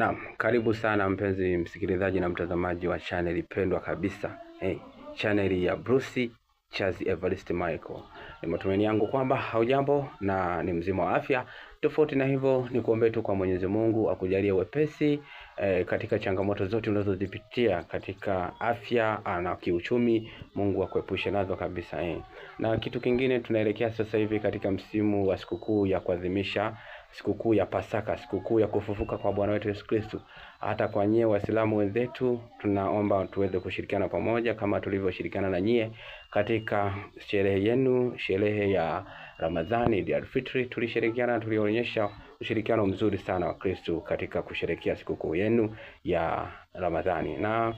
Naam, karibu sana mpenzi msikilizaji na mtazamaji wa channel pendwa kabisa hey, eh, channel ya Bruce Charles Evarist Michael. Ni matumaini yangu kwamba haujambo na ni mzima wa afya. Tofauti na hivyo, ni kuombe tu kwa Mwenyezi Mungu akujalie wepesi eh, katika changamoto zote unazozipitia katika afya ah, na kiuchumi. Mungu akuepushe nazo kabisa eh. Na kitu kingine, tunaelekea sasa hivi katika msimu wa sikukuu ya kuadhimisha sikukuu ya Pasaka, sikukuu ya kufufuka kwa Bwana wetu Yesu Kristo. Hata kwa nyie Waislamu wenzetu, tunaomba tuweze kushirikiana pamoja kama tulivyoshirikiana na nyie katika sherehe yenu, sherehe ya Ramadhani, Eid al-Fitr. Tulishirikiana, tulionyesha ushirikiano mzuri sana wa Kristo katika kusherekea sikukuu yenu ya Ramadhani. Na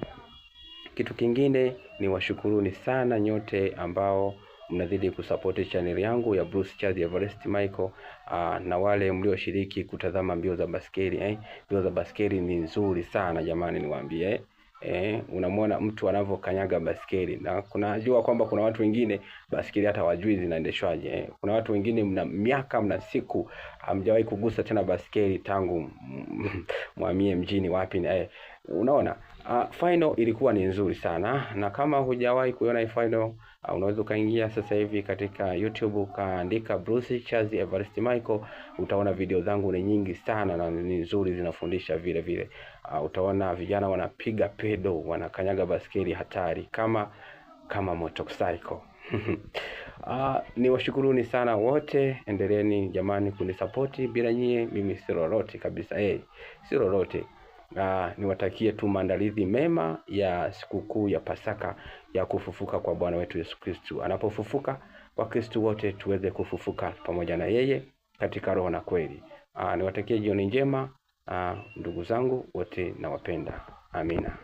kitu kingine ni washukuruni sana nyote ambao mnazidi kusapoti channel yangu ya Bruce Charles Everest Michael uh, na wale mlioshiriki kutazama mbio za baskeli eh. Mbio za baskeli ni nzuri sana jamani, niwaambie eh. Eh, unamwona mtu anavyokanyaga baskeli na kunajua kwamba kuna watu wengine baskeli hata wajui zinaendeshwaje eh. Kuna watu wengine mna miaka mna siku hamjawahi kugusa tena baskeli tangu mwamie mjini wapi eh. Unaona uh, final ilikuwa ni nzuri sana, na kama hujawahi kuiona hii final uh, unaweza ukaingia sasa hivi katika YouTube ukaandika Bruce Charles Evarist Michael, utaona video zangu ni nyingi sana na ni nzuri, zinafundisha vile vile. Uh, utaona vijana wanapiga pedo, wanakanyaga baskeli hatari kama kama motorcycle. Uh, ni washukuruni sana wote, endeleeni jamani kunisapoti, bila nyie mimi si lolote kabisa, eh, si lolote. Uh, niwatakie tu maandalizi mema ya sikukuu ya Pasaka ya kufufuka kwa Bwana wetu Yesu Kristu. Anapofufuka, Wakristu wote tuweze kufufuka pamoja na yeye katika roho na kweli. Uh, niwatakie jioni njema, uh, ndugu zangu wote nawapenda. Amina.